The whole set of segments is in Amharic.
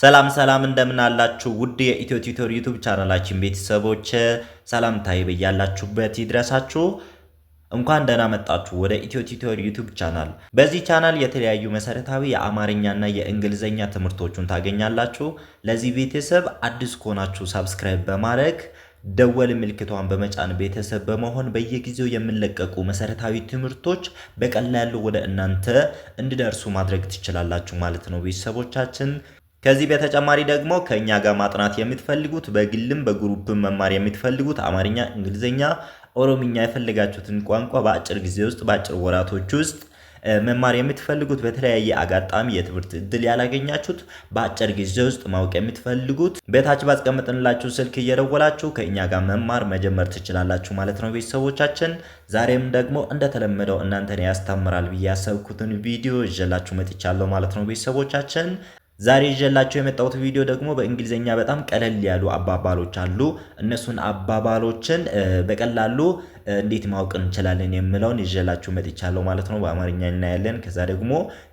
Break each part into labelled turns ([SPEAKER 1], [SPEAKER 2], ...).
[SPEAKER 1] ሰላም ሰላም እንደምን አላችሁ? ውድ የኢትዮ ቲዩቶር ዩቱብ ቻናላችን ቤተሰቦች ሰላምታዬ በያላችሁበት ይድረሳችሁ። እንኳን ደህና መጣችሁ ወደ ኢትዮ ቲዩቶር ዩቱብ ቻናል። በዚህ ቻናል የተለያዩ መሰረታዊ የአማርኛና የእንግሊዝኛ ትምህርቶቹን ታገኛላችሁ። ለዚህ ቤተሰብ አዲስ ከሆናችሁ ሳብስክራይብ በማድረግ ደወል ምልክቷን በመጫን ቤተሰብ በመሆን በየጊዜው የሚለቀቁ መሰረታዊ ትምህርቶች በቀላሉ ወደ እናንተ እንዲደርሱ ማድረግ ትችላላችሁ ማለት ነው ቤተሰቦቻችን ከዚህ በተጨማሪ ደግሞ ከእኛ ጋር ማጥናት የምትፈልጉት በግልም በግሩፕም መማር የምትፈልጉት አማርኛ፣ እንግሊዝኛ፣ ኦሮምኛ የፈለጋችሁትን ቋንቋ በአጭር ጊዜ ውስጥ በአጭር ወራቶች ውስጥ መማር የምትፈልጉት በተለያየ አጋጣሚ የትምህርት እድል ያላገኛችሁት በአጭር ጊዜ ውስጥ ማወቅ የምትፈልጉት በታች ባስቀመጥንላችሁ ስልክ እየደወላችሁ ከእኛ ጋር መማር መጀመር ትችላላችሁ ማለት ነው። ቤተሰቦቻችን ዛሬም ደግሞ እንደተለመደው እናንተን ያስተምራል ብዬ ያሰብኩትን ቪዲዮ ይዤላችሁ መጥቻለሁ ማለት ነው። ቤተሰቦቻችን ዛሬ ይዤላችሁ የመጣሁት ቪዲዮ ደግሞ በእንግሊዝኛ በጣም ቀለል ያሉ አባባሎች አሉ። እነሱን አባባሎችን በቀላሉ እንዴት ማወቅ እንችላለን የምለውን ይዤላችሁ መጥቻለሁ ማለት ነው። በአማርኛ እናያለን። ከዛ ደግሞ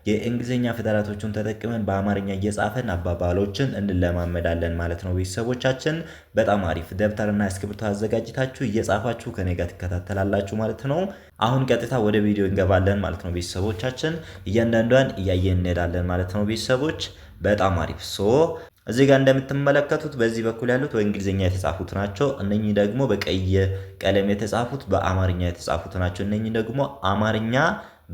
[SPEAKER 1] የእንግሊዝኛ ፊደላቶችን ተጠቅመን በአማርኛ እየጻፈን አባባሎችን እንለማመዳለን ማለት ነው። ቤተሰቦቻችን በጣም አሪፍ ደብተርና እስክሪብቶ አዘጋጅታችሁ እየጻፋችሁ ከኔ ጋር ትከታተላላችሁ ማለት ነው። አሁን ቀጥታ ወደ ቪዲዮ እንገባለን ማለት ነው። ቤተሰቦቻችን እያንዳንዷን እያየን እንሄዳለን ማለት ነው። ቤተሰቦች በጣም አሪፍ ሶ እዚህ ጋር እንደምትመለከቱት በዚህ በኩል ያሉት በእንግሊዝኛ የተጻፉት ናቸው። እነኚህ ደግሞ በቀይ ቀለም የተጻፉት በአማርኛ የተጻፉት ናቸው። እነኚህ ደግሞ አማርኛ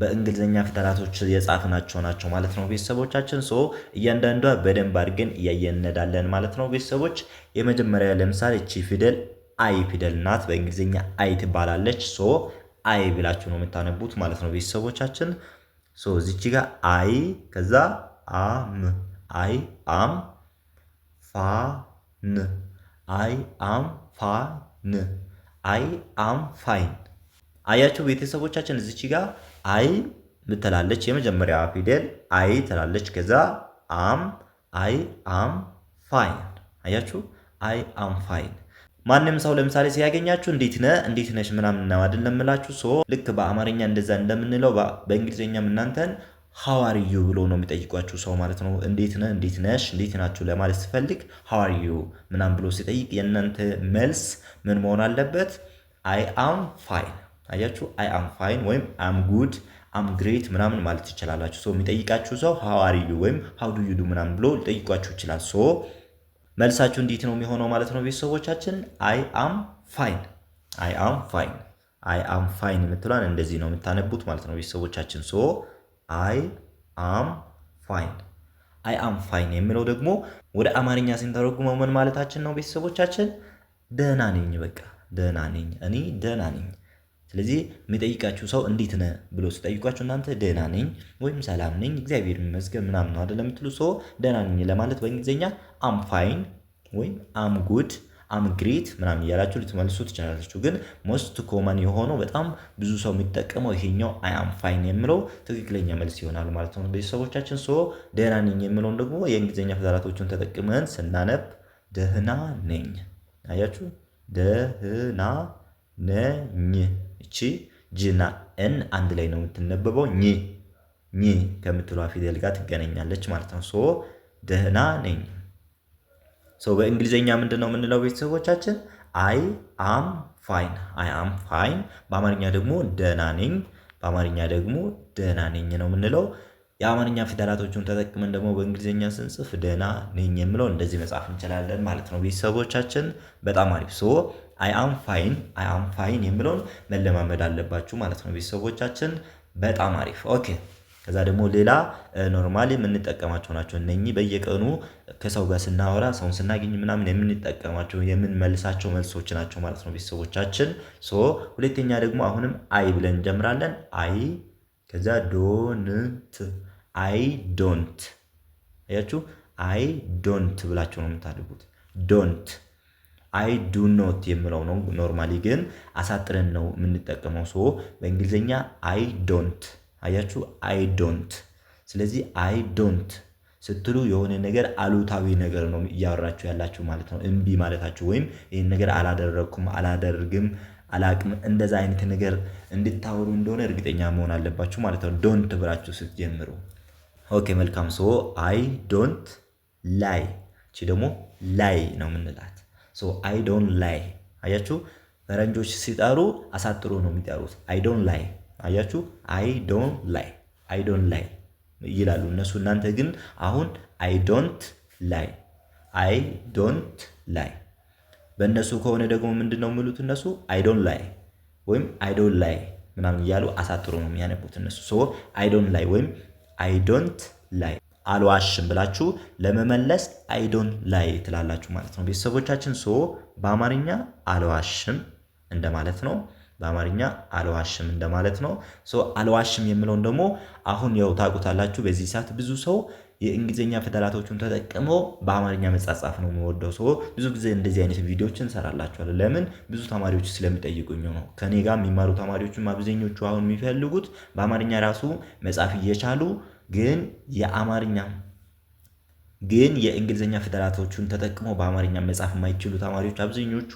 [SPEAKER 1] በእንግሊዝኛ ፊደላቶች የጻፍናቸው ናቸው ማለት ነው። ቤተሰቦቻችን ሶ እያንዳንዷ በደንብ አድርገን እያየን ማለት ነው። ቤተሰቦች የመጀመሪያ ለምሳሌ እቺ ፊደል አይ ፊደል ናት። በእንግሊዝኛ አይ ትባላለች። ሶ አይ ብላችሁ ነው የምታነቡት ማለት ነው። ቤተሰቦቻችን ሶ እዚች ጋር አይ ከዛ አም አይ አም ፋን አይ አም ፋን አይ አም ፋይን። አያችሁ ቤተሰቦቻችን እዚች ጋር አይ ምትላለች የመጀመሪያ ፊደል አይ ትላለች። ከዛ አም አይ አም ፋይን። አያችሁ አይ አም ፋይን። ማንም ሰው ለምሳሌ ሲያገኛችሁ እንዴት ነህ እንዴት ነሽ ምናምን ነው አይደለም እላችሁ። ሶ ልክ በአማርኛ እንደዛ እንደምንለው በእንግሊዝኛም እናንተን ሀዋርዩ ብሎ ነው የሚጠይቋችሁ ሰው ማለት ነው። እንዴት ነህ፣ እንዴት ነሽ፣ እንዴት ናችሁ ለማለት ስፈልግ ሀዋርዩ ምናምን ብሎ ሲጠይቅ የእናንተ መልስ ምን መሆን አለበት? አይ አም ፋይን። አያችሁ፣ አይ አም ፋይን ወይም አም ጉድ አም ግሬት ምናምን ማለት ይችላላችሁ። ሰው የሚጠይቃችሁ ሰው ሀዋርዩ ወይም ዱ ምናምን ብሎ ሊጠይቋችሁ ይችላል። ሶ መልሳችሁ እንዴት ነው የሚሆነው ማለት ነው ቤተሰቦቻችን። አይ አም ፋይን፣ አይ አም ፋይን፣ አይ አም ፋይን የምትሏን እንደዚህ ነው የምታነቡት ማለት ነው ቤተሰቦቻችን ሶ አይ አም ፋይን አይ አም ፋይን የሚለው ደግሞ ወደ አማርኛ ስንተረጉመው ምን ማለታችን ነው? ቤተሰቦቻችን ደህና ነኝ፣ በቃ ደህና ነኝ፣ እኔ ደህና ነኝ። ስለዚህ የሚጠይቃችሁ ሰው እንዴት ነ ብሎ ሲጠይቋችሁ እናንተ ደህና ነኝ ወይም ሰላም ነኝ እግዚአብሔር ይመስገን ምናምን ነው የምትሉ ሰው ደህና ነኝ ለማለት በእንግሊዝኛ አም ፋይን ወይም አም ጉድ አምግሪት ምናምን እያላችሁ ልትመልሱ ትችላላችሁ። ግን ሞስት ኮመን የሆነው በጣም ብዙ ሰው የሚጠቀመው ይሄኛው አያም ፋይን የምለው ትክክለኛ መልስ ይሆናል ማለት ነው። ቤተሰቦቻችን ሶ ደህና ነኝ የምለውን ደግሞ የእንግሊዝኛ ፊደላቶችን ተጠቅመን ስናነብ ደህና ነኝ አያችሁ፣ ደህና ነኝ። እቺ ጅና እን አንድ ላይ ነው የምትነበበው ኝ ኝ ከምትሏ ፊደል ጋር ትገናኛለች ማለት ነው። ሶ ደህና ነኝ ሰው በእንግሊዝኛ ምንድን ነው የምንለው ቤተሰቦቻችን? አይ አም ፋይን፣ አይ አም ፋይን። በአማርኛ ደግሞ ደህና ነኝ፣ በአማርኛ ደግሞ ደህና ነኝ ነው የምንለው። የአማርኛ ፊደላቶቹን ተጠቅመን ደግሞ በእንግሊዝኛ ስንጽፍ ደህና ነኝ የምለው እንደዚህ መጻፍ እንችላለን ማለት ነው ቤተሰቦቻችን። በጣም አሪፍ ሶ አይ አም ፋይን፣ አይ አም ፋይን የምለውን መለማመድ አለባችሁ ማለት ነው ቤተሰቦቻችን። በጣም አሪፍ ኦኬ። ከዛ ደግሞ ሌላ ኖርማሊ የምንጠቀማቸው ናቸው እነኚህ በየቀኑ ከሰው ጋር ስናወራ ሰውን ስናገኝ ምናምን የምንጠቀማቸው የምንመልሳቸው መልሶች ናቸው ማለት ነው። ቤተሰቦቻችን ሶ ሁለተኛ ደግሞ አሁንም አይ ብለን እንጀምራለን አይ ከዛ ዶንት አይ ዶንት አያችሁ አይ ዶንት ብላቸው ነው የምታደርጉት። ዶንት አይ ዱ ኖት የምለው ነው። ኖርማሊ ግን አሳጥረን ነው የምንጠቀመው። ሶ በእንግሊዝኛ አይ ዶንት አያችሁ አይ ዶንት። ስለዚህ አይ ዶንት ስትሉ የሆነ ነገር አሉታዊ ነገር ነው እያወራችሁ ያላችሁ ማለት ነው። እምቢ ማለታችሁ ወይም ይህን ነገር አላደረግኩም፣ አላደርግም፣ አላቅም እንደዛ አይነት ነገር እንድታወሩ እንደሆነ እርግጠኛ መሆን አለባችሁ ማለት ነው። ዶንት ብላችሁ ስትጀምሩ። ኦኬ መልካም። ሶ አይ ዶንት ላይ እቺ ደግሞ ላይ ነው የምንላት። ሶ አይ ዶንት ላይ አያችሁ፣ ፈረንጆች ሲጠሩ አሳጥሮ ነው የሚጠሩት። አይ ዶንት ላይ አያችሁ አይ ዶንት ላይ አይ ዶንት ላይ ይላሉ እነሱ። እናንተ ግን አሁን አይ ዶንት ላይ አይ ዶንት ላይ በእነሱ ከሆነ ደግሞ ምንድን ነው የሚሉት እነሱ አይ ዶንት ላይ ወይም አይ ዶንት ላይ ምናምን እያሉ አሳጥሮ ነው የሚያነቡት እነሱ። ሶ አይ ዶንት ላይ ወይም አይ ዶንት ላይ አልዋሽም ብላችሁ ለመመለስ አይ ዶንት ላይ ትላላችሁ ማለት ነው ቤተሰቦቻችን። ሶ በአማርኛ አልዋሽም እንደማለት ነው። በአማርኛ አልዋሽም እንደማለት ነው። አልዋሽም የምለውን ደግሞ አሁን ያው ታውቁታላችሁ። በዚህ ሰዓት ብዙ ሰው የእንግሊዝኛ ፊደላቶቹን ተጠቅሞ በአማርኛ መጻጻፍ ነው የሚወደው ሰው ብዙ ጊዜ እንደዚህ አይነት ቪዲዮዎችን እንሰራላችኋለን። ለምን ብዙ ተማሪዎች ስለሚጠይቁኝ ነው። ከኔ ጋር የሚማሩ ተማሪዎችም አብዛኞቹ አሁን የሚፈልጉት በአማርኛ ራሱ መጻፍ እየቻሉ ግን የአማርኛ ግን የእንግሊዝኛ ፊደላቶቹን ተጠቅሞ በአማርኛ መጻፍ የማይችሉ ተማሪዎች አብዛኞቹ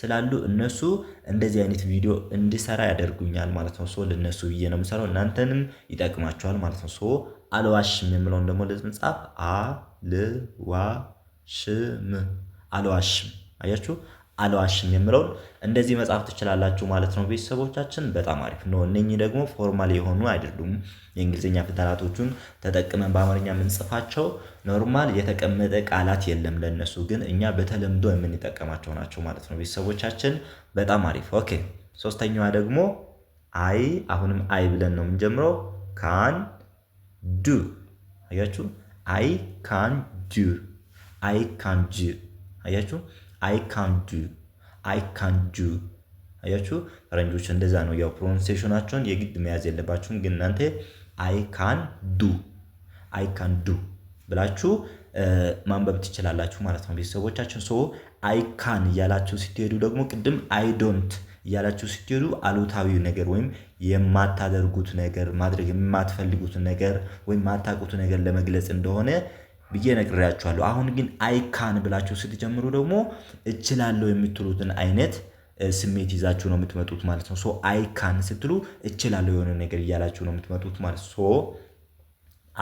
[SPEAKER 1] ስላሉ እነሱ እንደዚህ አይነት ቪዲዮ እንድሰራ ያደርጉኛል ማለት ነው። ሶ ለእነሱ ብዬ ነው የምሰራው፣ እናንተንም ይጠቅማቸዋል ማለት ነው። ሶ አልዋሽም የምለውን ደግሞ ለዚህ አልዋሽም አያችሁ። አልዋሽም የምለውን እንደዚህ መጻፍ ትችላላችሁ ማለት ነው። ቤተሰቦቻችን በጣም አሪፍ ነው። እነኚህ ደግሞ ፎርማል የሆኑ አይደሉም። የእንግሊዝኛ ፊደላቶቹን ተጠቅመን በአማርኛ የምንጽፋቸው ኖርማል የተቀመጠ ቃላት የለም ለእነሱ ግን እኛ በተለምዶ የምንጠቀማቸው ናቸው ማለት ነው። ቤተሰቦቻችን በጣም አሪፍ ኦኬ። ሶስተኛዋ ደግሞ አይ፣ አሁንም አይ ብለን ነው የምንጀምረው። ካን ዱ አያችሁ። አይ ካን ዱ፣ አይ ካን ዱ አያችሁ አይ ካን ዱ አይ ካን ዱ አያችሁ፣ ፈረንጆች እንደዛ ነው። ያው ፕሮናንሴሽናቸውን የግድ መያዝ የለባችሁም፣ ግን እናንተ አይ ካን ዱ አይ ካን ዱ ብላችሁ ማንበብ ትችላላችሁ ማለት ነው። ቤተሰቦቻችን ሰው አይ ካን እያላችሁ ስትሄዱ ደግሞ ቅድም አይ ዶንት እያላችሁ ስትሄዱ አሉታዊው ነገር ወይም የማታደርጉት ነገር ማድረግ የማትፈልጉት ነገር ወይም የማታውቁት ነገር ለመግለጽ እንደሆነ ብዬ ነግሬያችኋለሁ። አሁን ግን አይካን ብላችሁ ስትጀምሩ ደግሞ እችላለሁ የምትሉትን አይነት ስሜት ይዛችሁ ነው የምትመጡት ማለት ነው። ሶ አይካን ስትሉ እችላለሁ የሆነ ነገር እያላችሁ ነው የምትመጡት ማለት ሶ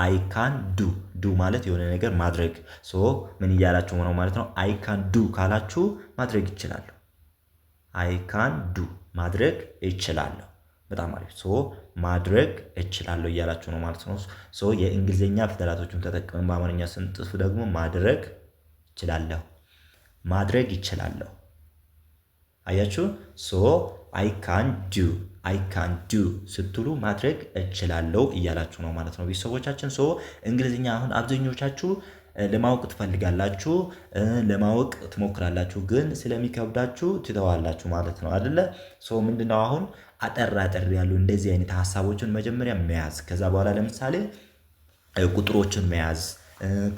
[SPEAKER 1] አይካን ዱ ዱ ማለት የሆነ ነገር ማድረግ ሶ ምን እያላችሁ ነው ማለት ነው። አይካን ዱ ካላችሁ ማድረግ ይችላለሁ። አይካን ዱ ማድረግ ይችላለሁ። በጣም አሪፍ ሶ ማድረግ እችላለሁ እያላችሁ ነው ማለት ነው። ሶ የእንግሊዝኛ ፊደላቶችን ተጠቅመን በአማርኛ ስንጽፍ ደግሞ ማድረግ እችላለሁ፣ ማድረግ ይችላለሁ። አያችሁ ሶ አይ ካን ዱ አይ ካን ዱ ስትሉ ማድረግ እችላለሁ እያላችሁ ነው ማለት ነው። ቤተሰቦቻችን ሶ እንግሊዝኛ አሁን አብዛኞቻችሁ ለማወቅ ትፈልጋላችሁ፣ ለማወቅ ትሞክራላችሁ፣ ግን ስለሚከብዳችሁ ትተዋላችሁ ማለት ነው አደለ? ሶ ምንድነው አሁን አጠር አጠር ያሉ እንደዚህ አይነት ሀሳቦችን መጀመሪያ መያዝ፣ ከዛ በኋላ ለምሳሌ ቁጥሮችን መያዝ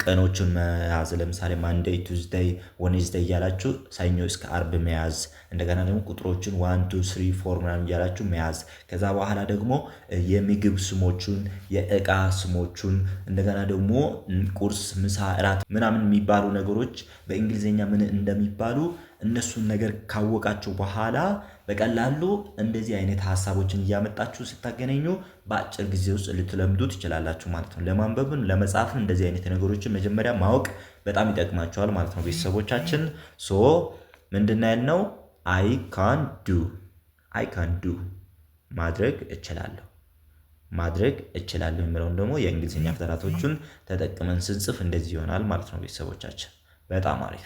[SPEAKER 1] ቀኖቹን መያዝ ለምሳሌ ማንዴይ፣ ቱዝደይ፣ ወኔዝደይ እያላችሁ ሰኞ እስከ አርብ መያዝ። እንደገና ደግሞ ቁጥሮችን ዋን ቱ ስሪ ፎር ምናምን እያላችሁ መያዝ። ከዛ በኋላ ደግሞ የምግብ ስሞቹን፣ የእቃ ስሞቹን እንደገና ደግሞ ቁርስ፣ ምሳ፣ እራት ምናምን የሚባሉ ነገሮች በእንግሊዝኛ ምን እንደሚባሉ እነሱን ነገር ካወቃችሁ በኋላ በቀላሉ እንደዚህ አይነት ሀሳቦችን እያመጣችሁ ስታገናኙ በአጭር ጊዜ ውስጥ ልትለምዱ ትችላላችሁ ማለት ነው። ለማንበብን ለመጻፍን እንደዚህ አይነት ነገሮችን መጀመሪያ ማወቅ በጣም ይጠቅማቸዋል ማለት ነው። ቤተሰቦቻችን ሶ ምንድን ያልነው አይ ካን ዱ አይ ካን ዱ ማድረግ እችላለሁ ማድረግ እችላለሁ የሚለውን ደግሞ የእንግሊዝኛ ፊደላቶቹን ተጠቅመን ስንጽፍ እንደዚህ ይሆናል ማለት ነው። ቤተሰቦቻችን በጣም አሪፍ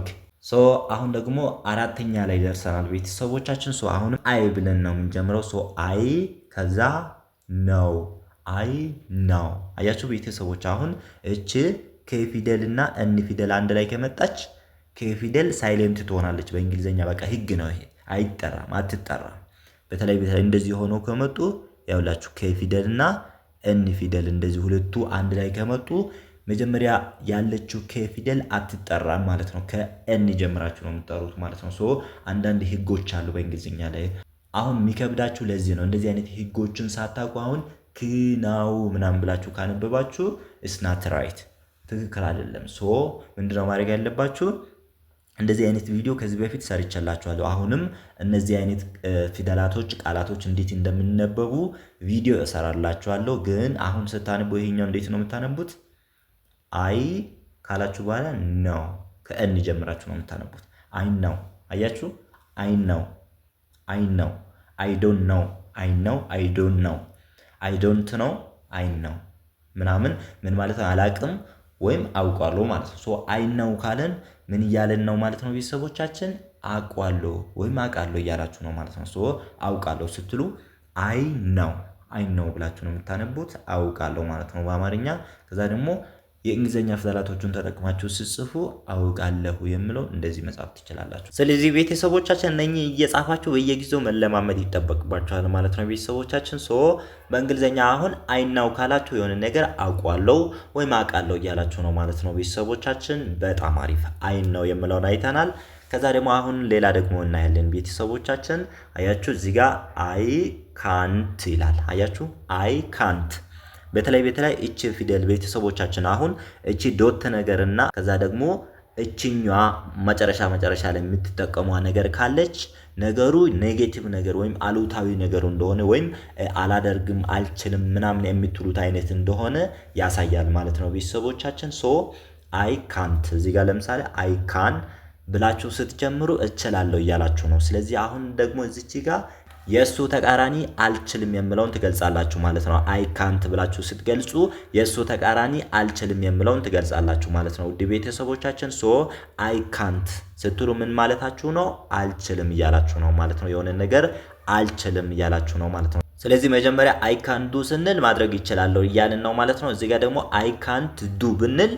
[SPEAKER 1] ኦኬ። ሶ አሁን ደግሞ አራተኛ ላይ ደርሰናል ቤተሰቦቻችን። ሶ አሁንም አይ ብለን ነው የምንጀምረው። ሶ አይ ከዛ ነው አይ ነው። አያችሁ ቤተሰቦች፣ አሁን እች ከፊደል እና እን ፊደል አንድ ላይ ከመጣች ከፊደል ሳይሌንት ትሆናለች። በእንግሊዝኛ በቃ ህግ ነው ይሄ፣ አይጠራም፣ አትጠራም። በተለይ በተለይ እንደዚህ ሆኖ ከመጡ ያውላችሁ ከፊደል እና እን ፊደል እንደዚህ ሁለቱ አንድ ላይ ከመጡ መጀመሪያ ያለችው ከፊደል አትጠራም ማለት ነው። ከኤን ጀምራችሁ ነው የምትጠሩት ማለት ነው። ሶ አንዳንድ ህጎች አሉ በእንግሊዝኛ ላይ። አሁን የሚከብዳችሁ ለዚህ ነው። እንደዚህ አይነት ህጎችን ሳታውቁ አሁን ክናው ምናምን ብላችሁ ካነበባችሁ ስናት ራይት ትክክል አይደለም። ሶ ምንድነው ማድረግ ያለባችሁ? እንደዚህ አይነት ቪዲዮ ከዚህ በፊት ሰርቼላችኋለሁ። አሁንም እነዚህ አይነት ፊደላቶች፣ ቃላቶች እንዴት እንደሚነበቡ ቪዲዮ እሰራላችኋለሁ። ግን አሁን ስታነቡ ይሄኛው እንዴት ነው የምታነቡት? አይ ካላችሁ በኋላ ነው ከእን ጀምራችሁ ነው የምታነቡት። አይ ነው አያችሁ፣ አይ ነው አይ ነው አይ ዶንት ነው አይ ነው አይ ዶንት ነው አይ ዶንት ነው አይ ነው ምናምን ምን ማለት ነው አላቅም ወይም አውቋለሁ ማለት ነው። ሶ አይ ነው ካለን ምን እያለን ነው ማለት ነው? ቤተሰቦቻችን አውቋለሁ ወይም አውቃለሁ እያላችሁ ነው ማለት ነው። ሶ አውቃለሁ ስትሉ አይ ነው አይ ነው ብላችሁ ነው የምታነቡት። አውቃለሁ ማለት ነው በአማርኛ። ከዛ ደግሞ የእንግሊዝኛ ፊደላቶቹን ተጠቅማችሁ ስጽፉ አውቃለሁ የምለው እንደዚህ መጻፍ ትችላላችሁ። ስለዚህ ቤተሰቦቻችን እነኚህ እየጻፋችሁ በየጊዜው መለማመድ ይጠበቅባችኋል ማለት ነው። ቤተሰቦቻችን ሶ በእንግሊዝኛ አሁን አይናው ካላችሁ የሆነ ነገር አውቋለሁ ወይም አውቃለሁ እያላችሁ ነው ማለት ነው። ቤተሰቦቻችን በጣም አሪፍ አይናው የምለውን አይተናል። ከዛ ደግሞ አሁን ሌላ ደግሞ እናያለን። ቤተሰቦቻችን አያችሁ፣ እዚህ ጋር አይ ካንት ይላል። አያችሁ አይ ካንት በተለይ በተለይ እቺ ፊደል ቤተሰቦቻችን አሁን እቺ ዶት ነገርና ከዛ ደግሞ እችኛዋ መጨረሻ መጨረሻ ላይ የምትጠቀሟ ነገር ካለች ነገሩ ኔጌቲቭ ነገር ወይም አሉታዊ ነገሩ እንደሆነ ወይም አላደርግም፣ አልችልም ምናምን የምትሉት አይነት እንደሆነ ያሳያል ማለት ነው። ቤተሰቦቻችን ሶ አይ ካንት እዚህ ጋር ለምሳሌ አይ ካን ብላችሁ ስትጀምሩ እችላለሁ እያላችሁ ነው። ስለዚህ አሁን ደግሞ እዚች ጋር የእሱ ተቃራኒ አልችልም የምለውን ትገልጻላችሁ ማለት ነው። አይ ካንት ብላችሁ ስትገልጹ የእሱ ተቃራኒ አልችልም የምለውን ትገልጻላችሁ ማለት ነው። ውድ ቤተሰቦቻችን ሶ አይ ካንት ስትሉ ምን ማለታችሁ ነው? አልችልም እያላችሁ ነው ማለት ነው። የሆነ ነገር አልችልም እያላችሁ ነው ማለት ነው። ስለዚህ መጀመሪያ አይ ካንት ዱ ስንል ማድረግ ይችላለሁ እያልን ነው ማለት ነው። እዚጋ ደግሞ አይ ካንት ዱ ብንል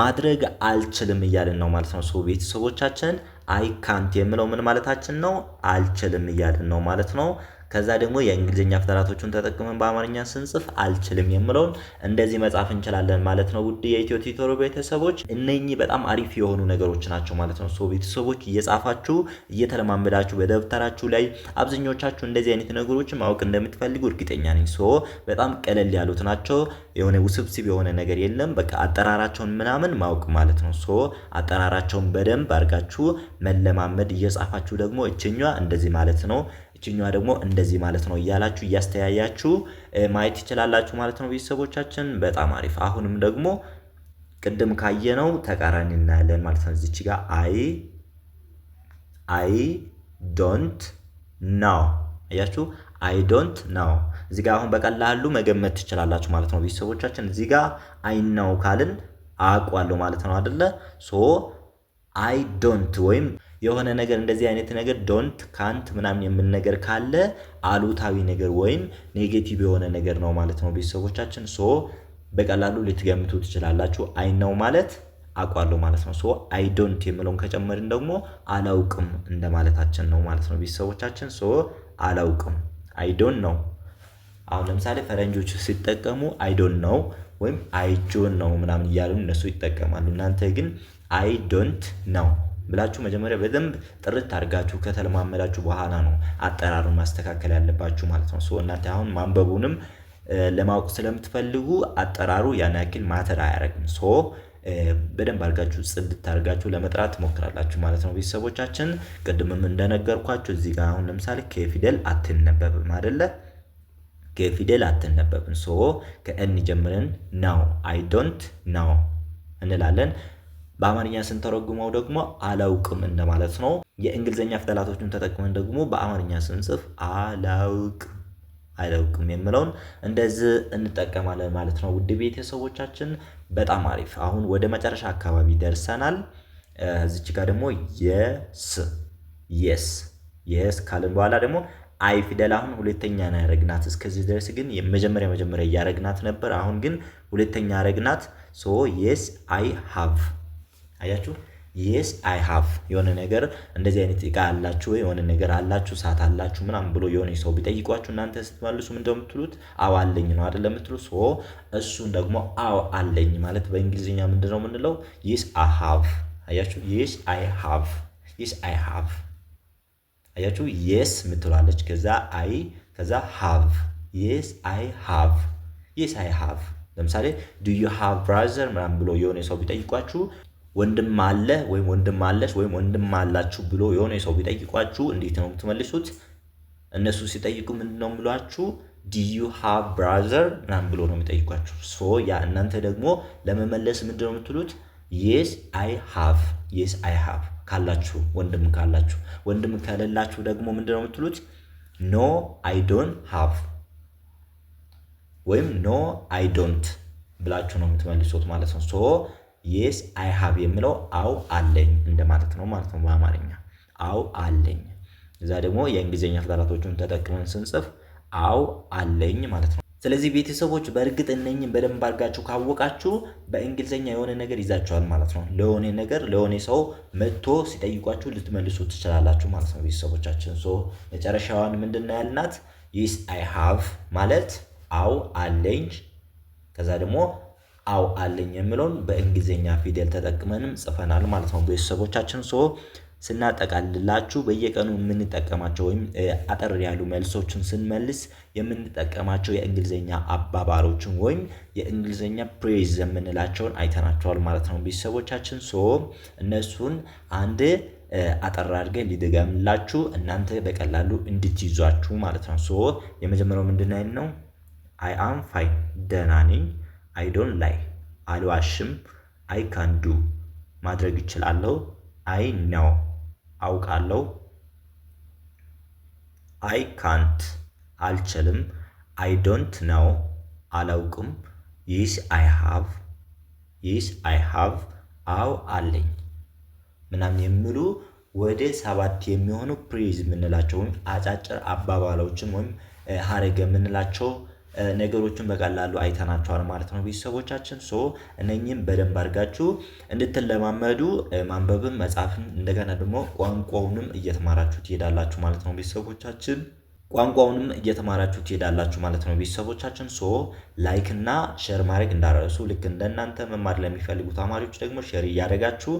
[SPEAKER 1] ማድረግ አልችልም እያልን ነው ማለት ነው። ሶ ቤተሰቦቻችን አይ ካንት የምለው ምን ማለታችን ነው? አልችልም እያልን ነው ማለት ነው። ከዛ ደግሞ የእንግሊዝኛ ፊደላቶቹን ተጠቅመን በአማርኛ ስንጽፍ አልችልም የምለውን እንደዚህ መጻፍ እንችላለን ማለት ነው። ውድ የኢትዮ ቲቶሮ ቤተሰቦች እነኚህ በጣም አሪፍ የሆኑ ነገሮች ናቸው ማለት ነው። ሶ ቤተሰቦች እየጻፋችሁ እየተለማመዳችሁ በደብተራችሁ ላይ አብዛኞቻችሁ እንደዚህ አይነት ነገሮችን ማወቅ እንደምትፈልጉ እርግጠኛ ነኝ። ሶ በጣም ቀለል ያሉት ናቸው። የሆነ ውስብስብ የሆነ ነገር የለም። በቃ አጠራራቸውን ምናምን ማወቅ ማለት ነው። ሶ አጠራራቸውን በደንብ አድርጋችሁ መለማመድ እየጻፋችሁ ደግሞ እችኛ እንደዚህ ማለት ነው ይችኛዋ ደግሞ እንደዚህ ማለት ነው እያላችሁ እያስተያያችሁ ማየት ትችላላችሁ ማለት ነው። ቤተሰቦቻችን በጣም አሪፍ። አሁንም ደግሞ ቅድም ካየነው ተቃራኒ እናያለን ማለት ነው። እዚች ጋር አይ አይ ዶንት ናው አያችሁ፣ አይ ዶንት ናው እዚህ ጋር አሁን በቀላሉ መገመት ትችላላችሁ ማለት ነው ቤተሰቦቻችን። እዚህ ጋር አይ ናው ካልን አውቋለሁ ማለት ነው አደለ? ሶ አይ ዶንት ወይም የሆነ ነገር እንደዚህ አይነት ነገር ዶንት ካንት ምናምን የምን ነገር ካለ አሉታዊ ነገር ወይም ኔጌቲቭ የሆነ ነገር ነው ማለት ነው። ቤተሰቦቻችን ሶ በቀላሉ ልትገምቱ ትችላላችሁ። አይ ነው ማለት አውቃለሁ ማለት ነው። ሶ አይ ዶንት የምለውን ከጨመርን ደግሞ አላውቅም እንደማለታችን ነው ማለት ነው። ቤተሰቦቻችን ሶ አላውቅም አይ ዶንት ነው። አሁን ለምሳሌ ፈረንጆች ሲጠቀሙ አይ ዶንት ነው ወይም አይ ጆን ነው ምናምን እያሉ እነሱ ይጠቀማሉ። እናንተ ግን አይ ዶንት ነው ብላችሁ መጀመሪያ በደንብ ጥርት አድርጋችሁ ከተለማመዳችሁ በኋላ ነው አጠራሩን ማስተካከል ያለባችሁ ማለት ነው። እናንተ አሁን ማንበቡንም ለማወቅ ስለምትፈልጉ አጠራሩ ያን ያክል ማተር አያደርግም። ሶ በደንብ አድርጋችሁ ጽድት አድርጋችሁ ለመጥራት ሞክራላችሁ ማለት ነው። ቤተሰቦቻችን ቅድምም እንደነገርኳችሁ እዚህ ጋር አሁን ለምሳሌ ከፊደል አትነበብም አደለ? ከፊደል አትነበብም። ሶ ከእን ጀምረን ናው አይ ዶንት ናው እንላለን በአማርኛ ስንተረጉመው ደግሞ አላውቅም እንደማለት ነው። የእንግሊዝኛ ፊደላቶችን ተጠቅመን ደግሞ በአማርኛ ስንጽፍ አላውቅ አላውቅም የምለውን እንደዚህ እንጠቀማለን ማለት ነው። ውድ ቤተሰቦቻችን በጣም አሪፍ። አሁን ወደ መጨረሻ አካባቢ ደርሰናል። እዚች ጋር ደግሞ የስ የስ የስ ካልን በኋላ ደግሞ አይ ፊደል አሁን ሁለተኛ ነው ያረግናት። እስከዚህ ድረስ ግን የመጀመሪያ መጀመሪያ እያረግናት ነበር። አሁን ግን ሁለተኛ ያረግናት። ሶ የስ አይ ሃቭ አያችሁ የስ አይ ሃቭ የሆነ ነገር እንደዚህ አይነት እቃ አላችሁ ወይ የሆነ ነገር አላችሁ ሰዓት አላችሁ ምናምን ብሎ የሆነ ሰው ቢጠይቋችሁ እናንተ ስትመልሱ ምንድነው የምትሉት? አዎ አለኝ ነው አይደል የምትሉት? ሶ እሱን ደግሞ አዎ አለኝ ማለት በእንግሊዝኛ ምንድነው የምንለው? የስ አይ ሃቭ አያችሁ የስ አይ ሃቭ የስ አይ ሃቭ አያችሁ የስ የምትለዋለች ከዛ አይ ከዛ ሃቭ የስ አይ ሃቭ የስ አይ ሃቭ ለምሳሌ ዱ ዩ ሃቭ ብራዘር ምናምን ብሎ የሆነ ሰው ቢጠይቋችሁ ወንድም አለ ወይም ወንድም አለች ወይም ወንድም አላችሁ ብሎ የሆነ ሰው ቢጠይቋችሁ እንዴት ነው የምትመልሱት? እነሱ ሲጠይቁ ምንድን ነው የምላችሁ? ዲዩ ሃቭ ብራዘር ምናምን ብሎ ነው የሚጠይቋችሁ። ሶ ያ እናንተ ደግሞ ለመመለስ ምንድን ነው የምትሉት? የስ አይ ሃቭ የስ አይ ሃቭ ካላችሁ ወንድም ካላችሁ፣ ወንድም ከሌላችሁ ደግሞ ምንድን ነው የምትሉት? ኖ አይ ዶን ሃቭ ወይም ኖ አይ ዶንት ብላችሁ ነው የምትመልሱት ማለት ነው ሶ የስ አይ ሃቭ የምለው አው አለኝ እንደማለት ነው ማለት ነው በአማርኛ አው አለኝ። እዛ ደግሞ የእንግሊዝኛ ፊደላቶቹን ተጠቅመን ስንጽፍ አው አለኝ ማለት ነው። ስለዚህ ቤተሰቦች በእርግጥ እነኝን በደንብ አድርጋችሁ ካወቃችሁ በእንግሊዝኛ የሆነ ነገር ይዛችኋል ማለት ነው። ለሆነ ነገር ለሆነ ሰው መጥቶ ሲጠይቋችሁ ልትመልሱ ትችላላችሁ ማለት ነው። ቤተሰቦቻችን ሶ መጨረሻዋን ምንድን ነው ያልናት? ይስ አይ ሃቭ ማለት አው አለኝ። ከዛ ደግሞ አው አለኝ የሚለውን በእንግሊዝኛ ፊደል ተጠቅመንም ጽፈናል ማለት ነው። ቤተሰቦቻችን ሶ ስናጠቃልላችሁ በየቀኑ የምንጠቀማቸው ወይም አጠር ያሉ መልሶችን ስንመልስ የምንጠቀማቸው የእንግሊዝኛ አባባሎችን ወይም የእንግሊዝኛ ፕሬዝ የምንላቸውን አይተናቸዋል ማለት ነው። ቤተሰቦቻችን ሶ እነሱን አንድ አጠር አድርገን ሊደገምላችሁ እናንተ በቀላሉ እንድትይዟችሁ ማለት ነው። ሶ የመጀመሪያው ምንድን ነው? አይ አም ፋይን ደህና ነኝ። አይ ዶንት ላይ አልዋሽም። አይ ካን ዱ ማድረግ እችላለሁ። አይ ነው አውቃለሁ። አይ ካንት አልችልም። አይ ዶንት ነው አላውቅም። ይስ አይ ሃቭ ይስ አይ ሃቭ አው አለኝ ምናምን የሚሉ ወደ ሰባት የሚሆኑ ፕሪዝ የምንላቸው ወይም አጫጭር አባባሎችን ወይም ሀረግ የምንላቸው ነገሮችን በቀላሉ አይተናቸዋል ማለት ነው ቤተሰቦቻችን። ሶ እነኝም በደንብ አድርጋችሁ እንድትለማመዱ ማንበብን፣ መጻፍን እንደገና ደግሞ ቋንቋውንም እየተማራችሁ ትሄዳላችሁ ማለት ነው ቤተሰቦቻችን። ቋንቋውንም እየተማራችሁ ትሄዳላችሁ ማለት ነው ቤተሰቦቻችን። ሶ ላይክ እና ሼር ማድረግ እንዳረሱ ልክ እንደናንተ መማር ለሚፈልጉ ተማሪዎች ደግሞ ሼር እያደረጋችሁ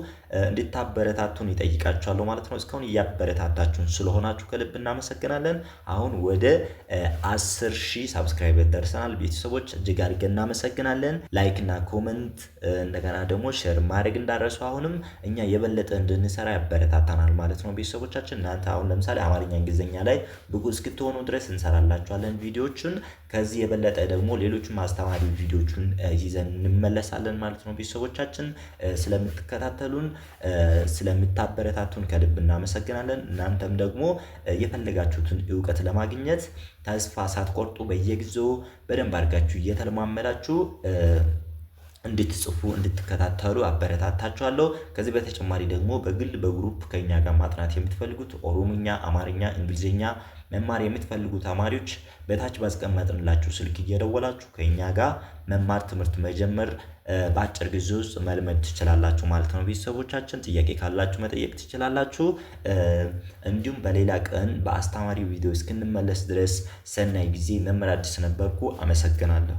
[SPEAKER 1] እንድታበረታቱን ይጠይቃችኋለሁ ማለት ነው። እስካሁን እያበረታታችሁን ስለሆናችሁ ከልብ እናመሰግናለን። አሁን ወደ አስር ሺህ ሳብስክራይበር ደርሰናል። ቤተሰቦች እጅግ አድርገን እናመሰግናለን። ላይክና ኮመንት እንደገና ደግሞ ሼር ማድረግ እንዳረሱ አሁንም እኛ የበለጠ እንድንሰራ ያበረታታናል ማለት ነው። ቤተሰቦቻችን እናንተ አሁን ለምሳሌ አማርኛ፣ እንግሊዝኛ ላይ ብቁ እስክትሆኑ ድረስ እንሰራላችኋለን ቪዲዮችን። ከዚህ የበለጠ ደግሞ ሌሎች ማስተማሪ ቪዲዮችን ይዘን እንመለሳለን ማለት ነው። ቤተሰቦቻችን ስለምትከታተሉን ስለምታበረታቱን ከልብ እናመሰግናለን። እናንተም ደግሞ የፈለጋችሁትን እውቀት ለማግኘት ተስፋ ሳትቆርጡ በየጊዜው በደንብ አድርጋችሁ እየተለማመዳችሁ እንድትጽፉ እንድትከታተሉ አበረታታችኋለሁ። ከዚህ በተጨማሪ ደግሞ በግል በግሩፕ ከኛ ጋር ማጥናት የምትፈልጉት ኦሮምኛ፣ አማርኛ፣ እንግሊዝኛ መማር የምትፈልጉ ተማሪዎች በታች ባስቀመጥንላችሁ ስልክ እየደወላችሁ ከኛ ጋር መማር ትምህርት መጀመር በአጭር ጊዜ ውስጥ መልመድ ትችላላችሁ ማለት ነው። ቤተሰቦቻችን ጥያቄ ካላችሁ መጠየቅ ትችላላችሁ። እንዲሁም በሌላ ቀን በአስተማሪ ቪዲዮ እስክንመለስ ድረስ ሰናይ ጊዜ። መምህር አዲስ ነበርኩ። አመሰግናለሁ።